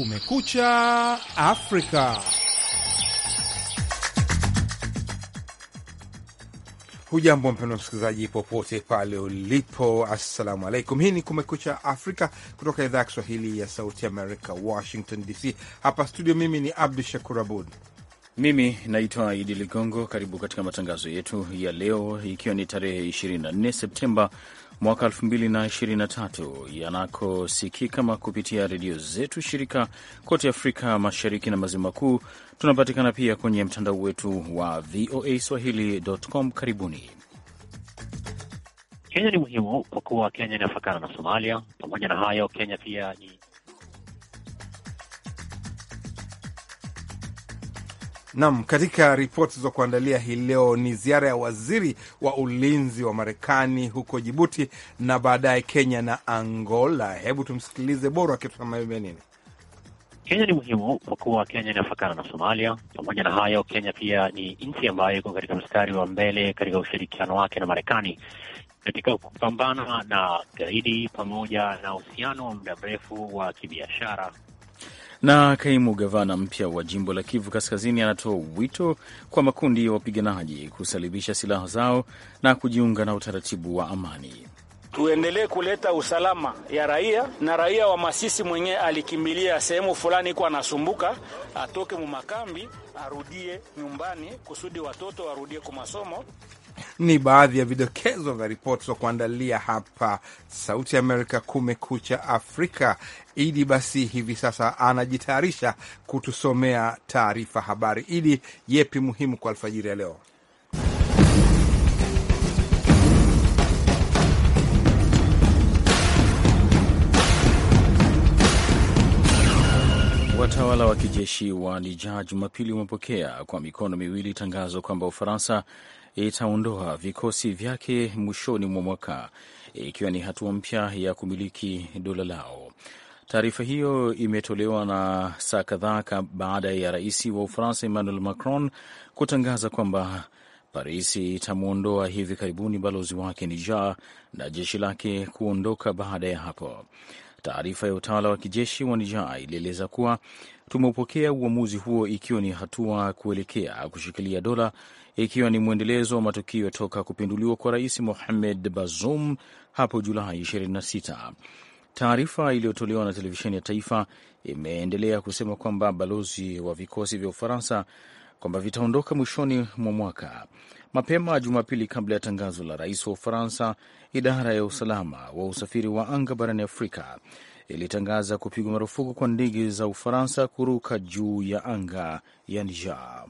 Kumekucha Afrika. Hujambo mpendwa msikilizaji, popote pale ulipo, assalamu alaikum. Hii ni Kumekucha Afrika kutoka idhaa ya Kiswahili ya Sauti Amerika, Washington DC. Hapa studio, mimi ni Abdu Shakur Abud. Mimi naitwa Idi Ligongo. Karibu katika matangazo yetu ya leo, ikiwa ni tarehe 24 Septemba mwaka 2023 yanakosikika kupitia redio zetu shirika kote Afrika Mashariki na Maziwa Makuu. Tunapatikana pia kwenye mtandao wetu wa VOA Swahili.com. Karibuni. Kenya ni muhimu kwa kuwa Kenya inafakana na Somalia. Pamoja na hayo, Kenya pia ni Nam, katika ripoti za kuandalia hii leo ni ziara ya waziri wa ulinzi wa Marekani huko Jibuti na baadaye Kenya na Angola. Hebu tumsikilize Bora akitusema nini. Kenya ni muhimu kwa kuwa Kenya inafakana na Somalia. Pamoja na hayo, Kenya pia ni nchi ambayo iko katika mstari wa mbele katika ushirikiano wake na Marekani katika kupambana na gaidi pamoja na uhusiano wa muda mrefu wa kibiashara na kaimu gavana mpya wa jimbo la Kivu Kaskazini anatoa wito kwa makundi ya wapiganaji kusalibisha silaha zao na kujiunga na utaratibu wa amani. Tuendelee kuleta usalama ya raia na raia wa Masisi mwenyewe alikimbilia sehemu fulani iko anasumbuka, atoke mumakambi arudie nyumbani kusudi watoto warudie kwa masomo ni baadhi ya vidokezo vya ripoti za kuandalia hapa Sauti Amerika, Kumekucha Afrika. Idi basi hivi sasa anajitayarisha kutusomea taarifa habari. Idi, yepi muhimu kwa alfajiri ya leo? Utawala wa kijeshi wa Niger Jumapili umepokea kwa mikono miwili tangazo kwamba Ufaransa itaondoa vikosi vyake mwishoni mwa mwaka, ikiwa ni hatua mpya ya kumiliki dola lao. Taarifa hiyo imetolewa na saa kadhaa baada ya rais wa Ufaransa Emmanuel Macron kutangaza kwamba Paris itamwondoa hivi karibuni balozi wake nija na jeshi lake kuondoka baada ya hapo. Taarifa ya utawala wa kijeshi wa Nija ilieleza kuwa tumeupokea uamuzi huo ikiwa ni hatua kuelekea kushikilia dola, ikiwa ni mwendelezo wa matukio toka kupinduliwa kwa Rais Mohamed Bazoum hapo Julai 26. Taarifa iliyotolewa na televisheni ya taifa imeendelea kusema kwamba balozi wa vikosi vya Ufaransa kwamba vitaondoka mwishoni mwa mwaka. Mapema Jumapili, kabla ya tangazo la rais wa Ufaransa, idara ya usalama wa usafiri wa anga barani Afrika ilitangaza kupigwa marufuku kwa ndege za Ufaransa kuruka juu ya anga ya Niger.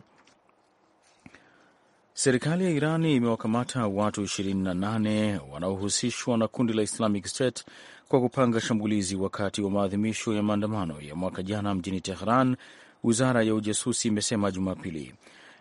Serikali ya Iran imewakamata watu 28 wanaohusishwa na kundi la Islamic State kwa kupanga shambulizi wakati wa maadhimisho ya maandamano ya mwaka jana mjini Tehran wizara ya ujasusi imesema Jumapili.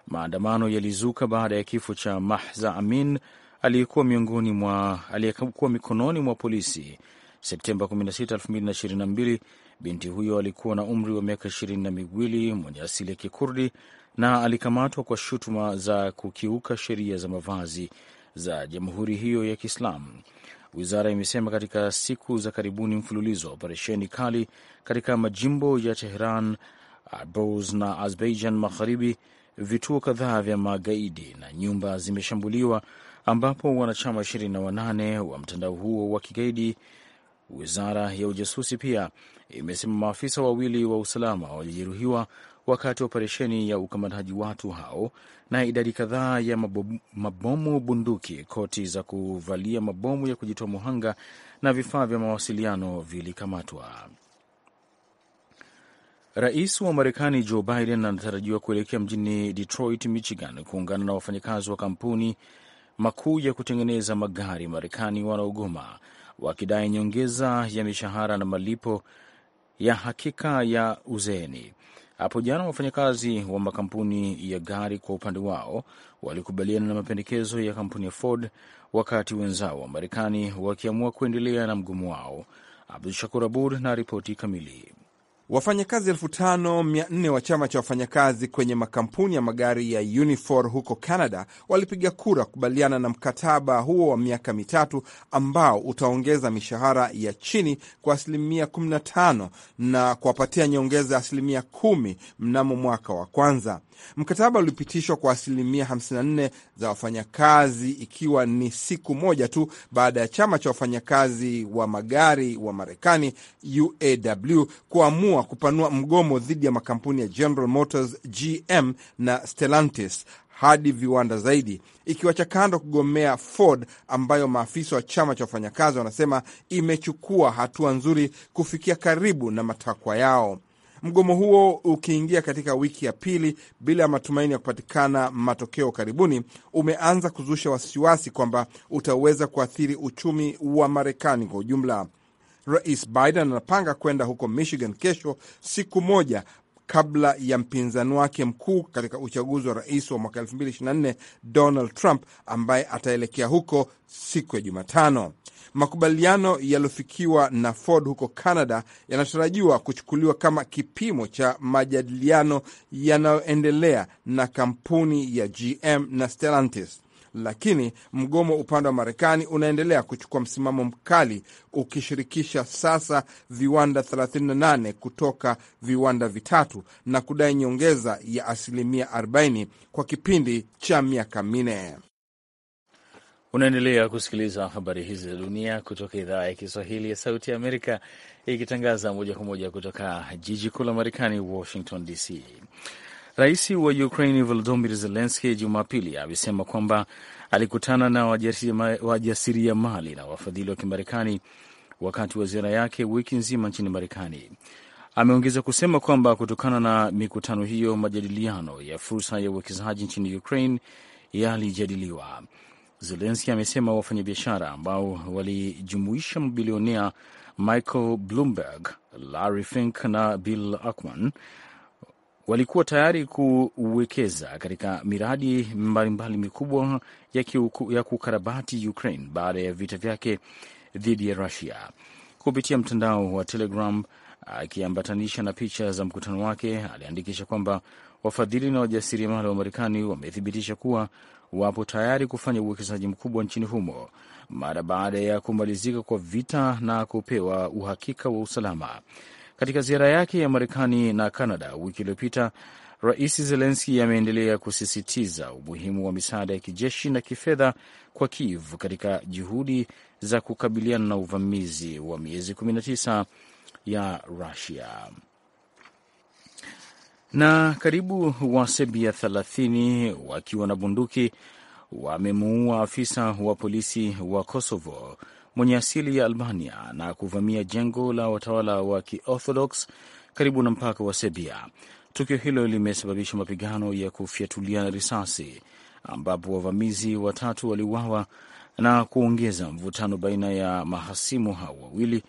Maandamano yalizuka baada ya kifo cha mahza Amin aliyekuwa miongoni mwa aliyekuwa mikononi mwa polisi Septemba 16, 2022. Binti huyo alikuwa na umri wa miaka ishirini na miwili, mwenye asili ya Kikurdi na alikamatwa kwa shutuma za kukiuka sheria za mavazi za jamhuri hiyo ya Kiislamu. Wizara imesema katika siku za karibuni mfululizo wa operesheni kali katika majimbo ya Teheran Abuz na Azerbaijan Magharibi, vituo kadhaa vya magaidi na nyumba zimeshambuliwa, ambapo wanachama 28 wa mtandao huo wa kigaidi. Wizara ya ujasusi pia imesema maafisa wawili wa usalama walijeruhiwa wakati wa operesheni ya ukamataji watu hao, na idadi kadhaa ya mabomu, bunduki, koti za kuvalia, mabomu ya kujitoa muhanga na vifaa vya mawasiliano vilikamatwa. Rais wa Marekani Joe Biden anatarajiwa kuelekea mjini Detroit, Michigan, kuungana na wafanyakazi wa kampuni makuu ya kutengeneza magari Marekani wanaogoma wakidai nyongeza ya mishahara na malipo ya hakika ya uzeeni. Hapo jana wafanyakazi wa makampuni ya gari kwa upande wao walikubaliana na mapendekezo ya kampuni ya Ford, wakati wenzao wa Marekani wakiamua kuendelea na mgomo wao. Abdu Shakur Abud na ripoti kamili. Wafanyakazi elfu tano mia nne wa chama cha wafanyakazi kwenye makampuni ya magari ya Unifor huko Canada walipiga kura kukubaliana na mkataba huo wa miaka mitatu ambao utaongeza mishahara ya chini kwa asilimia 15 na kuwapatia nyongeza ya asilimia kumi mnamo mwaka wa kwanza. Mkataba ulipitishwa kwa asilimia 54 za wafanyakazi, ikiwa ni siku moja tu baada ya chama cha wafanyakazi wa magari wa Marekani UAW kuamua kupanua mgomo dhidi ya makampuni ya General Motors GM na Stellantis hadi viwanda zaidi, ikiwacha kando kugomea Ford ambayo maafisa wa chama cha wafanyakazi wanasema imechukua hatua nzuri kufikia karibu na matakwa yao. Mgomo huo ukiingia katika wiki ya pili bila ya matumaini ya kupatikana matokeo karibuni, umeanza kuzusha wasiwasi kwamba utaweza kuathiri uchumi wa Marekani kwa ujumla. Rais Biden anapanga kwenda huko Michigan kesho, siku moja kabla ya mpinzani wake mkuu katika uchaguzi wa rais wa mwaka 2024 Donald Trump ambaye ataelekea huko siku ya Jumatano. Makubaliano yaliyofikiwa na Ford huko Canada yanatarajiwa kuchukuliwa kama kipimo cha majadiliano yanayoendelea na kampuni ya GM na Stellantis. Lakini mgomo upande wa Marekani unaendelea kuchukua msimamo mkali ukishirikisha sasa viwanda 38 kutoka viwanda vitatu na kudai nyongeza ya asilimia 40 kwa kipindi cha miaka minne. Unaendelea kusikiliza habari hizi za dunia kutoka idhaa ya Kiswahili ya Sauti ya Amerika, ikitangaza moja kwa moja kutoka jiji kuu la Marekani, Washington DC. Rais wa Ukraini Volodymyr Zelenski Jumapili amesema kwamba alikutana na wajasiriamali na wafadhili wa Kimarekani wakati wa ziara yake wiki nzima nchini Marekani. Ameongeza kusema kwamba kutokana na mikutano hiyo, majadiliano ya fursa ya uwekezaji nchini Ukraine yalijadiliwa. Zelenski amesema wafanyabiashara ambao walijumuisha mabilionea Michael Bloomberg, Larry Fink na Bill Ackman walikuwa tayari kuwekeza katika miradi mbalimbali mikubwa ya, kiuku, ya kukarabati Ukraine baada ya vita vyake dhidi ya Russia. Kupitia mtandao wa Telegram akiambatanisha na picha za mkutano wake, aliandikisha kwamba wafadhili na wajasiriamali wa Marekani wamethibitisha kuwa wapo tayari kufanya uwekezaji mkubwa nchini humo mara baada ya kumalizika kwa vita na kupewa uhakika wa usalama. Katika ziara yake ya Marekani na Kanada wiki iliyopita, Rais Zelenski ameendelea kusisitiza umuhimu wa misaada ya kijeshi na kifedha kwa Kiev katika juhudi za kukabiliana na uvamizi wa miezi 19 ya Rusia. Na karibu Wasebia thelathini wakiwa na bunduki wamemuua afisa wa polisi wa Kosovo mwenye asili ya Albania na kuvamia jengo la watawala wa Kiorthodox karibu na mpaka wa Serbia. Tukio hilo limesababisha mapigano ya kufyatulia risasi ambapo wavamizi watatu waliuawa na kuongeza mvutano baina ya mahasimu hao wawili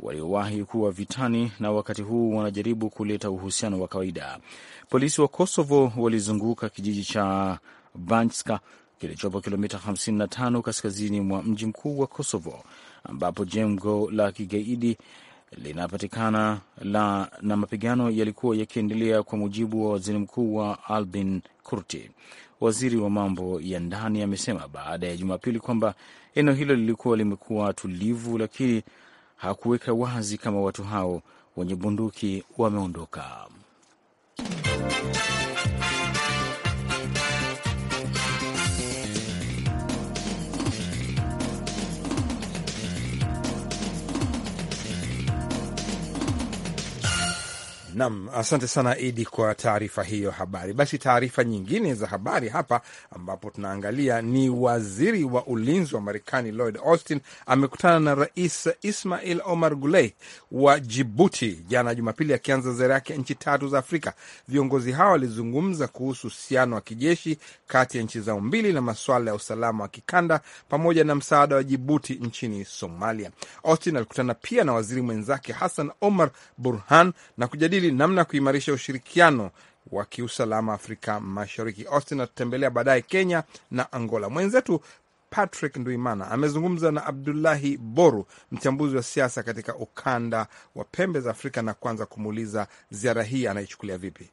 waliowahi kuwa vitani na wakati huu wanajaribu kuleta uhusiano wa kawaida. Polisi wa Kosovo walizunguka kijiji cha banska kilichopo kilomita 55 kaskazini mwa mji mkuu wa Kosovo ambapo jengo la kigaidi linapatikana la, na mapigano yalikuwa yakiendelea, kwa mujibu wa waziri mkuu wa Albin Kurti. Waziri wa mambo ya ndani amesema baada ya Jumapili kwamba eneo hilo lilikuwa limekuwa tulivu, lakini hakuweka wazi kama watu hao wenye bunduki wameondoka. Nam, asante sana Idi kwa taarifa hiyo habari. Basi taarifa nyingine za habari hapa, ambapo tunaangalia ni waziri wa ulinzi wa Marekani Lloyd Austin amekutana na Rais Ismail Omar Guelleh wa Jibuti jana Jumapili, akianza ziara yake nchi tatu za Afrika. Viongozi hao walizungumza kuhusu uhusiano wa kijeshi kati ya nchi zao mbili na masuala ya usalama wa kikanda pamoja na msaada wa Jibuti nchini Somalia. Austin alikutana pia na waziri mwenzake Hassan Omar Burhan na kujadili kujadili namna ya kuimarisha ushirikiano wa kiusalama Afrika Mashariki. Austin atatembelea baadaye Kenya na Angola. Mwenzetu Patrick Nduimana amezungumza na Abdullahi Boru, mchambuzi wa siasa katika ukanda wa pembe za Afrika, na kwanza kumuuliza ziara hii anaichukulia vipi.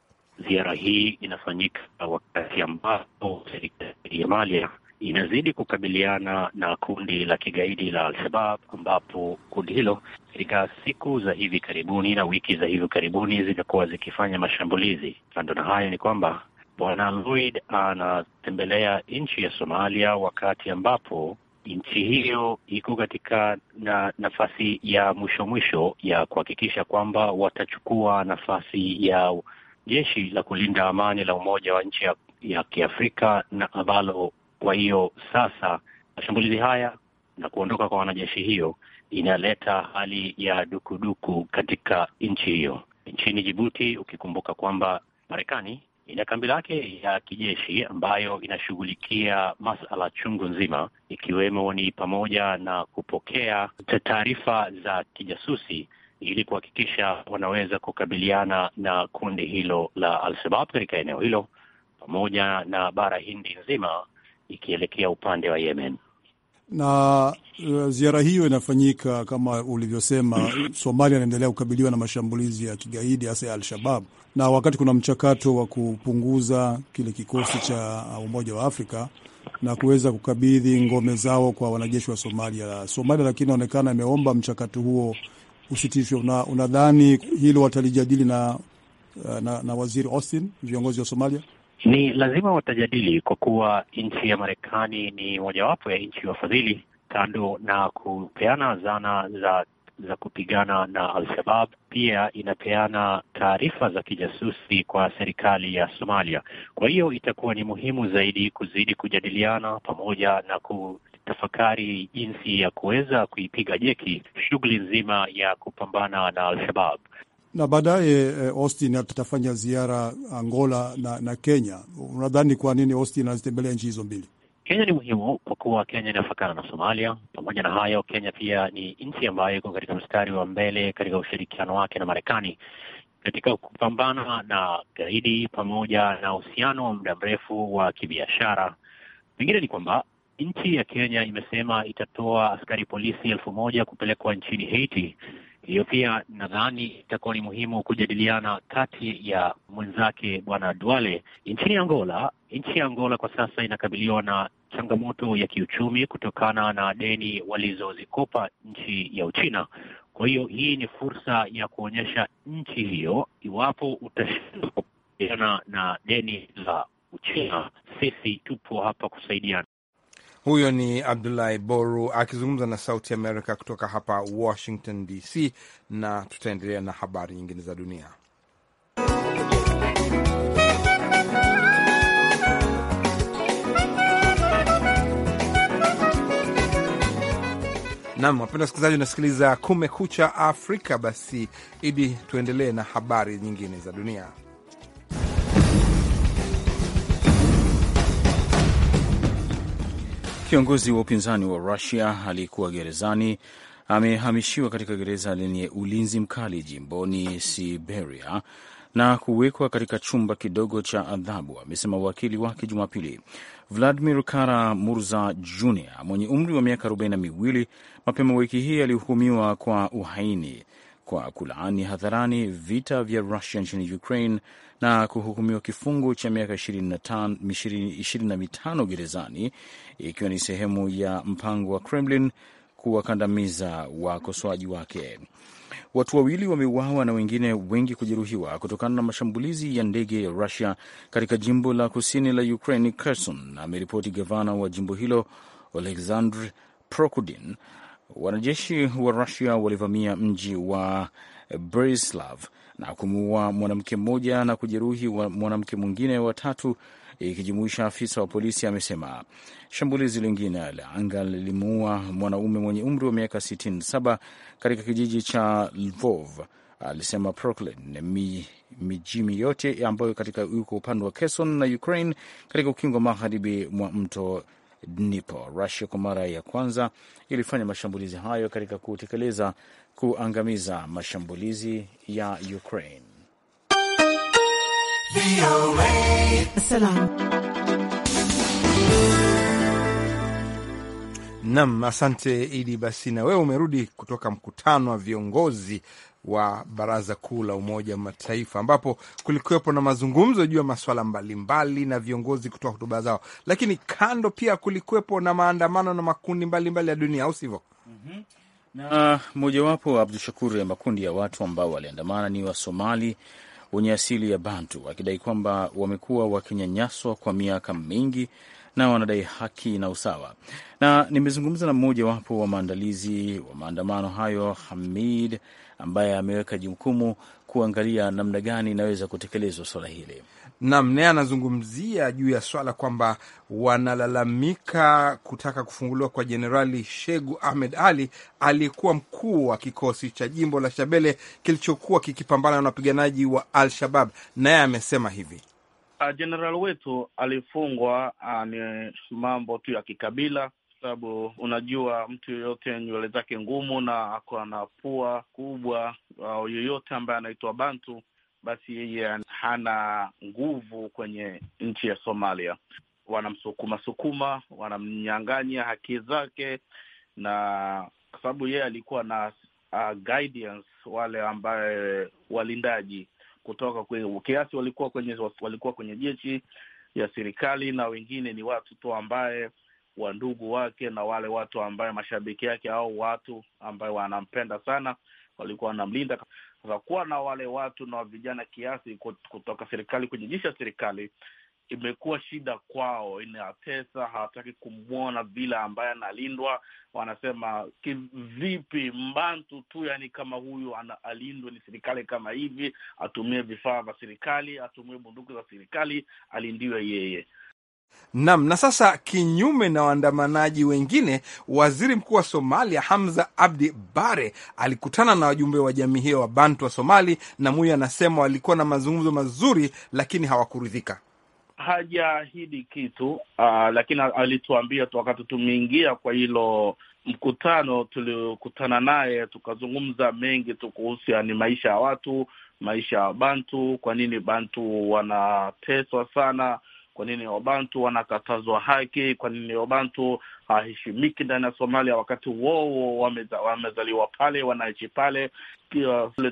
Ziara hii inafanyika wakati ambapo serikali ya Somalia inazidi kukabiliana na kundi la kigaidi la Al-Shabab, ambapo kundi hilo katika siku za hivi karibuni na wiki za hivi karibuni zimekuwa zikifanya mashambulizi. Kando na hayo ni kwamba Bwana Lloyd anatembelea nchi ya Somalia wakati ambapo nchi hiyo iko katika na nafasi ya mwisho mwisho ya kuhakikisha kwamba watachukua nafasi ya jeshi la kulinda amani la Umoja wa nchi ya, ya Kiafrika na ambalo kwa hiyo sasa mashambulizi haya na kuondoka kwa wanajeshi hiyo inaleta hali ya dukuduku katika nchi hiyo. Nchini Jibuti, ukikumbuka kwamba Marekani ina kambi lake ya kijeshi ambayo inashughulikia masala chungu nzima, ikiwemo ni pamoja na kupokea taarifa za kijasusi ili kuhakikisha wanaweza kukabiliana na kundi hilo la Al-Shabaab katika eneo hilo pamoja na bara Hindi nzima ikielekea upande wa Yemen na uh, ziara hiyo inafanyika kama ulivyosema. Somalia inaendelea kukabiliwa na mashambulizi ya kigaidi hasa ya Al-Shabab, na wakati kuna mchakato wa kupunguza kile kikosi cha uh, Umoja wa Afrika na kuweza kukabidhi ngome zao kwa wanajeshi wa Somalia, Somalia lakini inaonekana imeomba mchakato huo usitishwe. Unadhani hilo watalijadili na, uh, na, na waziri Austin, viongozi wa Somalia? Ni lazima watajadili kwa kuwa nchi ya Marekani ni mojawapo ya nchi wafadhili, kando na kupeana zana za za kupigana na Al-Shabab, pia inapeana taarifa za kijasusi kwa serikali ya Somalia. Kwa hiyo itakuwa ni muhimu zaidi kuzidi kujadiliana pamoja na ku tafakari jinsi ya kuweza kuipiga jeki shughuli nzima ya kupambana na Al-Shabab na baadaye eh, Austin atafanya ziara Angola na, na Kenya. Unadhani kwa nini Austin anazitembelea nchi hizo mbili? Kenya ni muhimu kwa kuwa Kenya inafakana na Somalia. Pamoja na hayo, Kenya pia ni nchi ambayo iko katika mstari wa mbele katika ushirikiano wake na Marekani katika kupambana na gaidi pamoja na uhusiano wa muda mrefu wa kibiashara. Pengine ni kwamba Nchi ya Kenya imesema itatoa askari polisi elfu moja kupelekwa nchini Haiti. Hiyo pia nadhani itakuwa ni muhimu kujadiliana kati ya mwenzake Bwana Duale nchini Angola. Nchi ya Angola kwa sasa inakabiliwa na changamoto ya kiuchumi kutokana na deni walizozikopa nchi ya Uchina. Kwa hiyo hii ni fursa ya kuonyesha nchi hiyo, iwapo utashindwa kukabiliana na deni la Uchina, sisi tupo hapa kusaidiana. Huyo ni Abdulahi Boru akizungumza na Sauti Amerika kutoka hapa Washington DC, na tutaendelea na habari nyingine za dunia. Nam, wapenda wasikilizaji, unasikiliza Kumekucha Afrika. Basi Idi, tuendelee na habari nyingine za dunia. Kiongozi wa upinzani wa Rusia aliyekuwa gerezani amehamishiwa katika gereza lenye ulinzi mkali jimboni Siberia na kuwekwa katika chumba kidogo cha adhabu, amesema wakili wake Jumapili. Vladimir Kara Murza Jr mwenye umri wa miaka arobaini na miwili mapema wiki hii alihukumiwa kwa uhaini kwa kulaani hadharani vita vya Rusia nchini Ukraine na kuhukumiwa kifungo cha miaka ishirini na mitano gerezani ikiwa ni sehemu ya mpango wa Kremlin kuwakandamiza wakosoaji wake. Watu wawili wameuawa na wengine wengi kujeruhiwa kutokana na mashambulizi ya ndege ya Rusia katika jimbo la kusini la Ukraine, Kherson, ameripoti gavana wa jimbo hilo Oleksandr Prokudin. Wanajeshi wa Rusia walivamia mji wa brislav na kumuua mwanamke mmoja na kujeruhi mwanamke mwingine watatu, ikijumuisha afisa wa polisi, amesema. Shambulizi lingine la anga lilimuua mwanaume mwenye umri wa miaka 67 katika kijiji cha Lvov, alisema Mi, Mijimi yote ambayo katika yuko upande wa Kherson na Ukraine katika ukingo magharibi mwa mto Dnipo. Rusia kwa mara ya kwanza ilifanya mashambulizi hayo katika kutekeleza kuangamiza mashambulizi ya Ukraine. Nam, asante Idi. Basi na wewe umerudi kutoka mkutano wa viongozi wa Baraza Kuu la Umoja wa Mataifa, ambapo kulikuwepo na mazungumzo juu ya masuala mbalimbali mbali, na viongozi kutoa hotuba zao, lakini kando pia kulikuwepo na maandamano na makundi mbalimbali ya dunia, au sivyo? mm -hmm. Na mojawapo Abdu Shakur ya makundi ya watu ambao waliandamana ni Wasomali wenye asili ya Bantu wakidai kwamba wamekuwa wakinyanyaswa kwa miaka mingi na wanadai haki na usawa. Na nimezungumza na mmoja wapo wa maandalizi wa maandamano hayo, Hamid, ambaye ameweka jukumu kuangalia namna gani inaweza kutekelezwa swala hili. nam naye anazungumzia juu ya swala kwamba wanalalamika kutaka kufunguliwa kwa Jenerali Shegu Ahmed Ali aliyekuwa mkuu wa kikosi cha jimbo la Shabele kilichokuwa kikipambana na wapiganaji wa Al Shabab. Naye amesema hivi jenerali ah, wetu alifungwa ah, ni mambo tu ya kikabila sababu unajua mtu yoyote nywele zake ngumu na ako na pua kubwa, uh, yoyote ambaye anaitwa Bantu, basi yeye hana nguvu kwenye nchi ya Somalia. Wanamsukuma sukuma, wanamnyang'anya haki zake, na kwa sababu yeye alikuwa na uh, guidance, wale ambaye walindaji kutoka kwenye kiasi walikuwa kwenye walikuwa kwenye jeshi ya serikali na wengine ni watu tu ambaye wandugu wake na wale watu ambaye mashabiki yake au watu ambaye wanampenda sana walikuwa wanamlinda. Sasa kuwa na wale watu na vijana kiasi kutoka serikali kwenye jeshi ya serikali imekuwa shida kwao, inatesa. Hawataki kumwona vile ambaye analindwa. Wanasema kivipi mbantu tu, yani kama huyu alindwe ni serikali kama hivi, atumie vifaa vya serikali, atumie bunduki za serikali, alindiwe yeye. Nam. Na sasa, kinyume na waandamanaji wengine, waziri mkuu wa Somalia Hamza Abdi Bare alikutana na wajumbe wa jamii hiyo wa Bantu wa Somali, na Muyo anasema walikuwa na mazungumzo mazuri, lakini hawakuridhika hajaahidi kitu uh, lakini alituambia wakati tumeingia kwa hilo mkutano, tulikutana naye tukazungumza mengi tu kuhusiani ni maisha ya watu, maisha ya Bantu, kwa nini Bantu wanateswa sana, kwa nini Wabantu wanakatazwa haki, kwa nini Wabantu haheshimiki ndani ya Somalia wakati wowo wamezaliwa pale, wanaishi pale.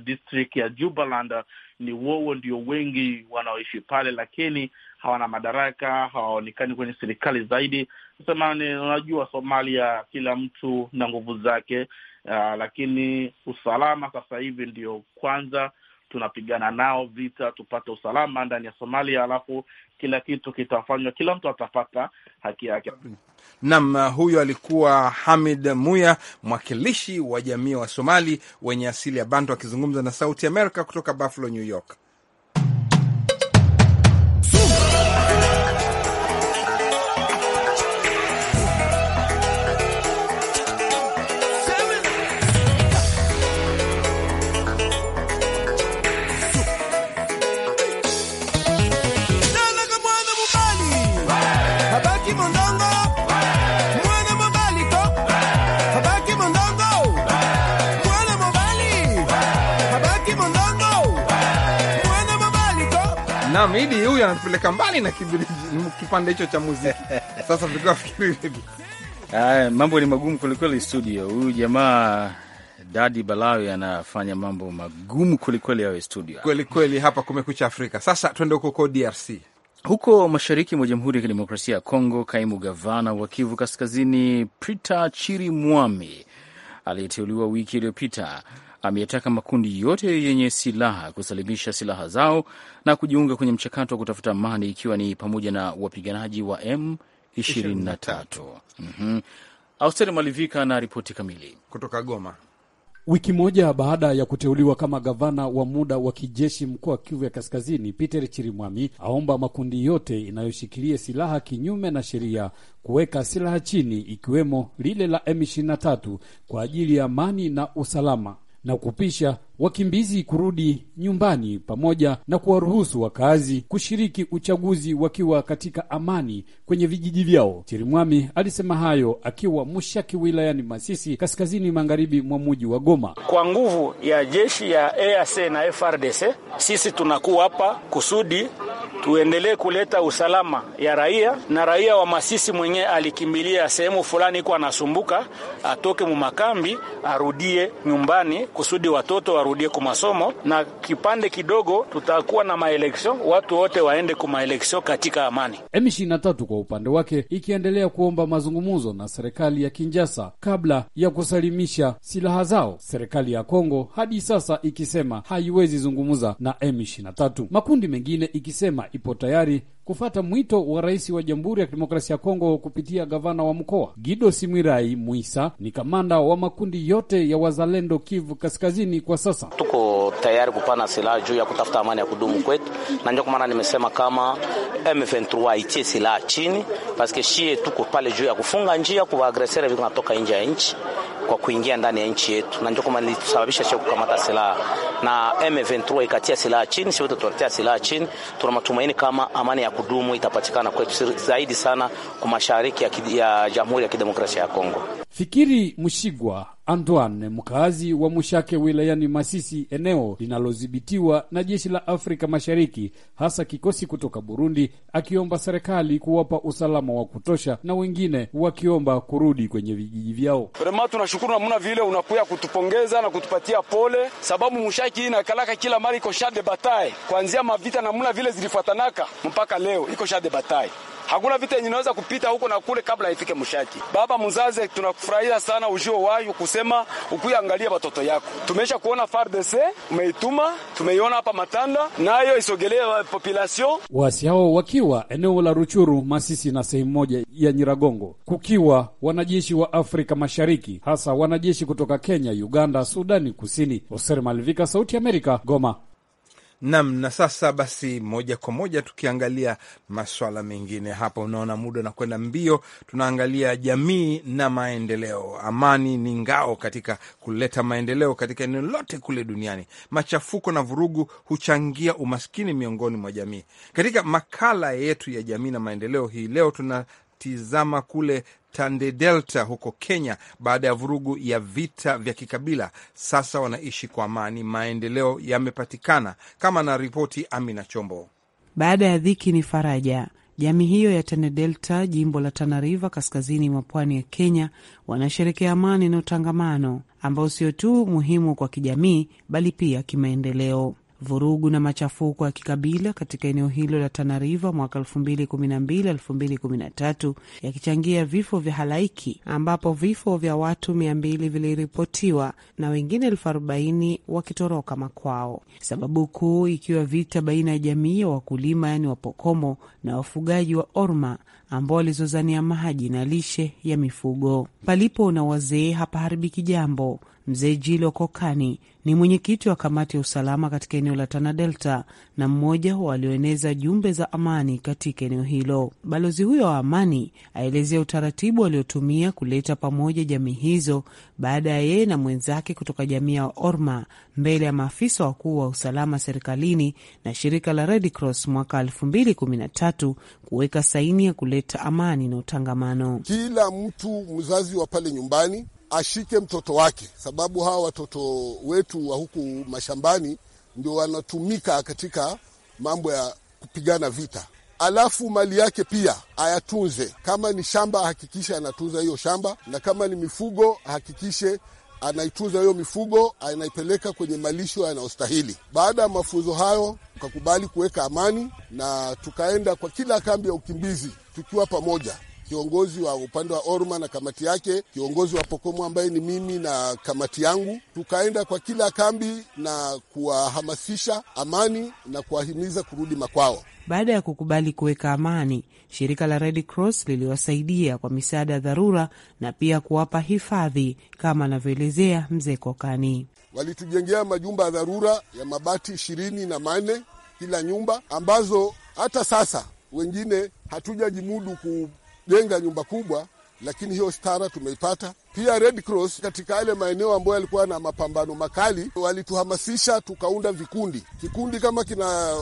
District ya Jubaland ni wowo ndio wengi wanaoishi pale, lakini hawana madaraka, hawaonekani kwenye serikali zaidi. Sema unajua, Somalia kila mtu na nguvu zake, uh, lakini usalama sasa hivi ndio kwanza tunapigana nao vita tupate usalama ndani ya Somalia, alafu kila kitu kitafanywa, kila mtu atapata haki yake. Naam, huyo alikuwa Hamid Muya, mwakilishi wa jamii wa Somali wenye asili ya Bantu akizungumza na Sauti Amerika kutoka Buffalo, New York. Hamidi huyu anatupeleka mbali na kipande hicho cha muziki. Sasa tulikuwa mambo ni magumu kwelikweli studio. Huyu jamaa Dadi Balawi anafanya mambo magumu kwelikweli awe studio kwelikweli hapa Kumekucha Afrika. Sasa tuende huko huko DRC huko mashariki mwa Jamhuri ya Kidemokrasia ya Kongo, kaimu gavana wa Kivu Kaskazini Prita Chiri Mwami aliyeteuliwa wiki iliyopita ameyataka makundi yote yenye silaha kusalimisha silaha zao na kujiunga kwenye mchakato wa kutafuta amani ikiwa ni pamoja na wapiganaji wa M23. Mm -hmm. Austeri Malivika na ripoti kamili kutoka Goma. Wiki moja baada ya kuteuliwa kama gavana wa muda wa kijeshi mkoa wa Kivu ya Kaskazini, Peter Chirimwami aomba makundi yote inayoshikilia silaha kinyume na sheria kuweka silaha chini, ikiwemo lile la M23 kwa ajili ya amani na usalama na kupisha wakimbizi kurudi nyumbani pamoja na kuwaruhusu wakazi kushiriki uchaguzi wakiwa katika amani kwenye vijiji vyao. Chirimwami alisema hayo akiwa Mushaki wilayani Masisi, kaskazini magharibi mwa muji wa Goma. Kwa nguvu ya jeshi ya EAC na FRDC, sisi tunakuwa hapa kusudi tuendelee kuleta usalama ya raia, na raia wa Masisi mwenyewe alikimbilia sehemu fulani iko anasumbuka, atoke mumakambi arudie nyumbani kusudi watoto wa warudie masomo na kipande kidogo tutakuwa na maeleksio, watu wote waende maeleksio katika amani. M23 kwa upande wake ikiendelea kuomba mazungumzo na serikali ya Kinjasa kabla ya kusalimisha silaha zao. Serikali ya Kongo hadi sasa ikisema haiwezi zungumza na M23, makundi mengine ikisema ipo tayari kufata mwito wa rais wa Jamhuri ya Kidemokrasia ya Kongo kupitia gavana wa mkoa Gido Simirai Mwisa ni kamanda wa makundi yote ya wazalendo Kivu Kaskazini. Kwa sasa tuko tayari kupana silaha juu ya kutafuta amani ya kudumu kwetu, na ndio kwa maana nimesema kama M23 haitie silaha chini, paske shie tuko pale juu ya kufunga njia kuwaagresere vikunatoka nje ya nchi kwa kuingia ndani ya nchi yetu, na ndio kama nilisababisha sio kukamata silaha na M23 ikatia silaha chini, sio wote tuwaletea silaha chini. Tuna matumaini kama amani ya kudumu itapatikana kwetu zaidi sana kwa mashariki ya, ya Jamhuri ya Kidemokrasia ya Kongo. Fikiri Mshigwa Antoine, mkazi wa Mushake wilayani Masisi, eneo linalodhibitiwa na jeshi la Afrika Mashariki, hasa kikosi kutoka Burundi, akiomba serikali kuwapa usalama wa kutosha, na wengine wakiomba kurudi kwenye vijiji vyao. Vrema tunashukuru namuna vile unakuya kutupongeza na kutupatia pole, sababu Mushaki hii inakalaka kila mara iko shade bataye, kuanzia mavita namuna vile zilifuatanaka mpaka leo iko shade bataye. Hakuna vita yenye inaweza kupita huko na kule kabla ifike Mushaki. Baba mzazi tunaku tunafurahia sana ujio wayu kusema ukuangalia watoto yako. Tumesha kuona FARDC umeituma, tumeiona hapa Matanda, nayo isogelee population. Waasi hao wakiwa eneo la Ruchuru, Masisi na sehemu moja ya Nyiragongo, kukiwa wanajeshi wa Afrika Mashariki, hasa wanajeshi kutoka Kenya, Uganda, Sudani Kusini. Oser Malvika, Sauti Amerika, Goma. Nam, na sasa basi, moja kwa moja tukiangalia maswala mengine hapa, unaona muda unakwenda mbio. Tunaangalia jamii na maendeleo. Amani ni ngao katika kuleta maendeleo katika eneo lote kule duniani. Machafuko na vurugu huchangia umaskini miongoni mwa jamii. Katika makala yetu ya jamii na maendeleo hii leo, tuna wakitizama kule Tande Delta huko Kenya, baada ya vurugu ya vita vya kikabila, sasa wanaishi kwa amani, maendeleo yamepatikana, kama na ripoti Amina Chombo. Baada ya dhiki ni faraja. Jamii hiyo ya Tande Delta, jimbo la Tana River, kaskazini mwa pwani ya Kenya, wanasherekea amani na utangamano ambao sio tu muhimu kwa kijamii, bali pia kimaendeleo vurugu na machafuko ya kikabila katika eneo hilo la Tanariva mwaka 2012-2013 yakichangia vifo vya halaiki ambapo vifo vya watu 200 viliripotiwa na wengine elfu arobaini wakitoroka makwao, sababu kuu ikiwa vita baina ya jamii ya wakulima yaani Wapokomo na wafugaji wa Orma ambao walizozania maji na lishe ya mifugo. Palipo na wazee hapaharibiki jambo Mzee Jilo Kokani ni mwenyekiti wa kamati ya usalama katika eneo la Tana Delta na mmoja walioeneza jumbe za amani katika eneo hilo. Balozi huyo wa amani aelezea utaratibu waliotumia kuleta pamoja jamii hizo baada ya yeye na mwenzake kutoka jamii ya Orma mbele ya maafisa wakuu wa usalama serikalini na shirika la Red Cross mwaka 2013 kuweka saini ya kuleta amani na utangamano. Kila mtu mzazi wa pale nyumbani ashike mtoto wake, sababu hawa watoto wetu wa huku mashambani ndio wanatumika katika mambo ya kupigana vita. Alafu mali yake pia ayatunze. Kama ni shamba, ahakikishe anatunza hiyo shamba, na kama ni mifugo, ahakikishe anaitunza hiyo mifugo, anaipeleka kwenye malisho yanayostahili. Baada ya mafunzo hayo, tukakubali kuweka amani na tukaenda kwa kila kambi ya ukimbizi tukiwa pamoja kiongozi wa upande wa Orma na kamati yake, kiongozi wa Pokomo ambaye ni mimi na kamati yangu, tukaenda kwa kila kambi na kuwahamasisha amani na kuwahimiza kurudi makwao. Baada ya kukubali kuweka amani, shirika la Red Cross liliwasaidia kwa misaada ya dharura na pia kuwapa hifadhi, kama anavyoelezea mzee Kokani. Walitujengea majumba ya dharura ya mabati ishirini na manne kila nyumba, ambazo hata sasa wengine hatujajimudu jenga nyumba kubwa, lakini hiyo stara tumeipata. Pia Red Cross katika yale maeneo ambayo yalikuwa na mapambano makali walituhamasisha, tukaunda vikundi. Kikundi kama kina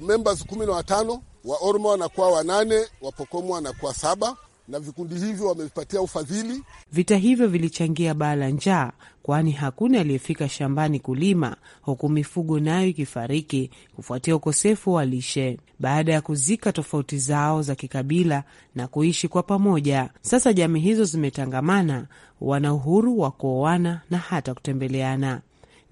members kumi na watano wa Ormo wanakuwa wanane, Wapokomo wanakuwa saba na vikundi hivyo wamevipatia ufadhili. Vita hivyo vilichangia baa la njaa, kwani hakuna aliyefika shambani kulima, huku mifugo nayo ikifariki kufuatia ukosefu wa lishe. Baada ya kuzika tofauti zao za kikabila na kuishi kwa pamoja, sasa jamii hizo zimetangamana, wana uhuru wa kuoana na hata kutembeleana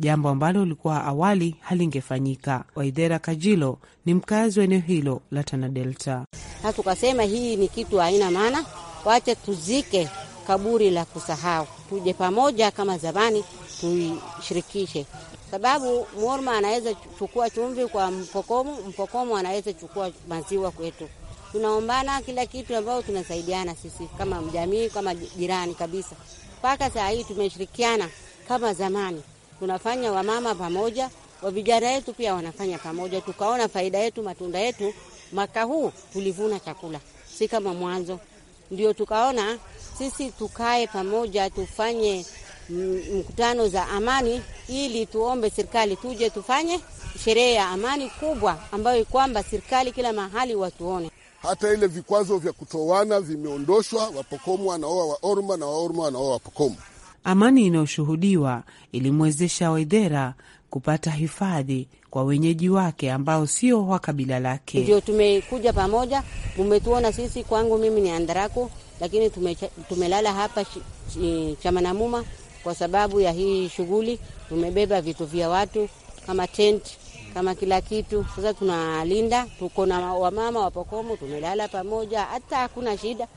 jambo ambalo ulikuwa awali halingefanyika. Waidhera Kajilo ni mkazi wa eneo hilo la Tana Delta. Na tukasema hii ni kitu haina maana, wache tuzike kaburi la kusahau, tuje pamoja kama zamani, tuishirikishe sababu morma anaweza chukua chumvi kwa Mpokomo, Mpokomo anaweza chukua maziwa kwetu. Tunaombana kila kitu ambayo tunasaidiana sisi kama jamii, kama jirani kabisa. Mpaka saa hii tumeshirikiana kama zamani, tunafanya wamama pamoja, wa vijana wetu pia wanafanya pamoja, tukaona faida yetu, matunda yetu. Mwaka huu tulivuna chakula, si kama mwanzo, ndio tukaona sisi tukae pamoja, tufanye mkutano za amani, ili tuombe serikali tuje tufanye sherehe ya amani kubwa, ambayo kwamba serikali kila mahali watuone. Hata ile vikwazo vya kutoana vimeondoshwa, Wapokomu wanaoa Waorma na Waorma wanaoa Wapokomwa. Amani inayoshuhudiwa ilimwezesha Waidhera kupata hifadhi kwa wenyeji wake ambao sio wa kabila lake. Ndio tumekuja pamoja, mumetuona sisi. Kwangu mimi ni Andaraku, lakini tume, tumelala hapa Chamanamuma kwa sababu ya hii shughuli. Tumebeba vitu vya watu kama tent kama kila kitu. Sasa tunalinda, tuko na wamama wapokomo, tumelala pamoja, hata hakuna shida.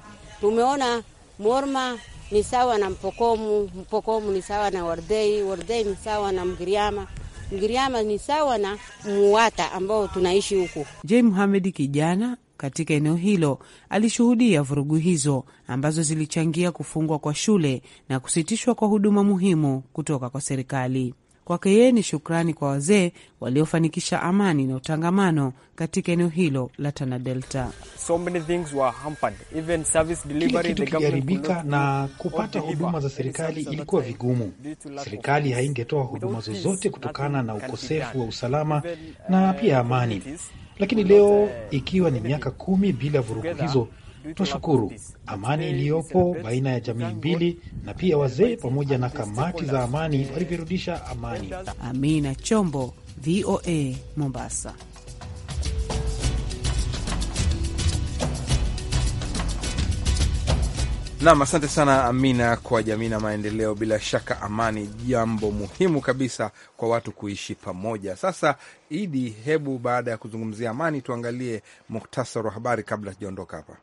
Tumeona Morma ni sawa na mpokomu, mpokomu ni sawa na wardei, wardei ni sawa na mgiriama Mgiriama ni sawa na muwata ambao tunaishi huku. j Muhamedi kijana katika eneo hilo alishuhudia vurugu hizo ambazo zilichangia kufungwa kwa shule na kusitishwa kwa huduma muhimu kutoka kwa serikali. Kwake yeye ni shukrani kwa wazee waliofanikisha amani na utangamano katika eneo hilo la Tana Delta. So kila kitu kiliharibika na kupata huduma za serikali ilikuwa vigumu. Serikali haingetoa huduma zozote kutokana na ukosefu wa usalama na pia uh, amani, lakini leo ikiwa ni miaka kumi bila vurugu hizo Tushukuru amani iliyopo baina ya jamii mbili, na pia wazee pamoja na kamati za amani walivyorudisha amani. Amina Chombo, VOA, Mombasa. Nam, asante sana Amina kwa jamii na maendeleo. Bila shaka amani, jambo muhimu kabisa kwa watu kuishi pamoja. Sasa Idi, hebu baada ya kuzungumzia amani, tuangalie muktasari wa habari kabla sijaondoka hapa.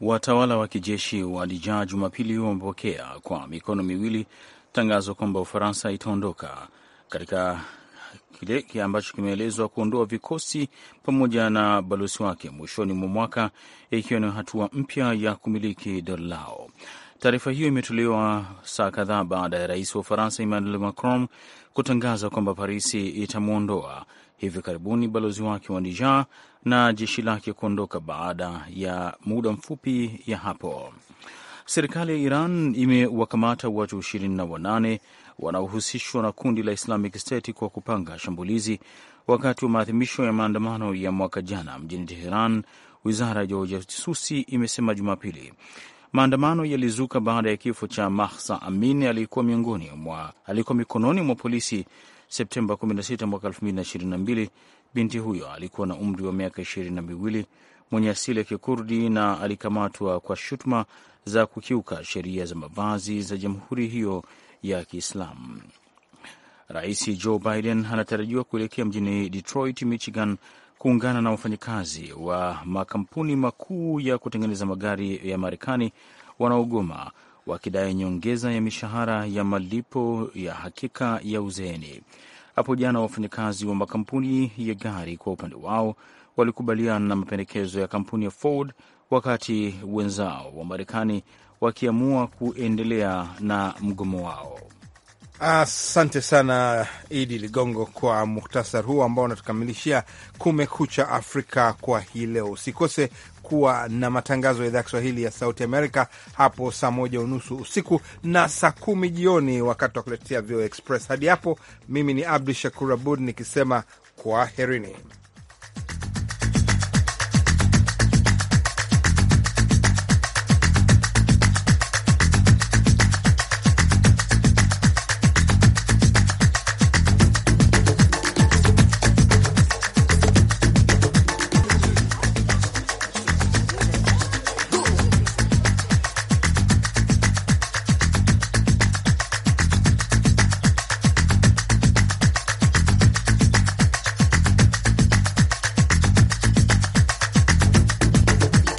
Watawala wa kijeshi walijaa Jumapili wamepokea kwa mikono miwili tangazo kwamba Ufaransa itaondoka katika kile ambacho kimeelezwa kuondoa vikosi pamoja na balozi wake mwishoni mwa mwaka, ikiwa ni hatua mpya ya kumiliki dola lao. Taarifa hiyo imetolewa saa kadhaa baada ya rais wa Ufaransa Emmanuel Macron kutangaza kwamba Parisi itamwondoa hivi karibuni balozi wake wa Niger na jeshi lake kuondoka baada ya muda mfupi ya hapo. Serikali ya Iran imewakamata watu 28 wanaohusishwa na kundi la Islamic State kwa kupanga shambulizi wakati wa maadhimisho ya maandamano ya mwaka jana mjini Teheran, wizara ya ujasusi imesema Jumapili. Maandamano yalizuka baada ya kifo cha Mahsa amin aliyekuwa miongoni mwa alikuwa mikononi mwa polisi Septemba 16 mwaka 2022. Binti huyo alikuwa na umri wa miaka ishirini na miwili, mwenye asili ya Kikurdi na alikamatwa kwa shutuma za kukiuka sheria za mavazi za jamhuri hiyo ya Kiislamu. Rais Joe Biden anatarajiwa kuelekea mjini Detroit, Michigan kuungana na wafanyakazi wa makampuni makuu ya kutengeneza magari ya Marekani wanaogoma wakidai nyongeza ya mishahara ya malipo ya hakika ya uzeeni. Hapo jana wafanyakazi wa makampuni ya gari kwa upande wao walikubaliana na mapendekezo ya kampuni ya Ford wakati wenzao wa Marekani wakiamua kuendelea na mgomo wao. Asante sana Idi Ligongo kwa muhtasari huu ambao unatukamilishia Kumekucha Afrika kwa hii leo. Usikose kuwa na matangazo ya idhaa ya Kiswahili ya Sauti Amerika hapo saa moja unusu usiku na saa kumi jioni wakati wa kuletea VOA Express. Hadi hapo, mimi ni Abdu Shakur Abud nikisema kwaherini.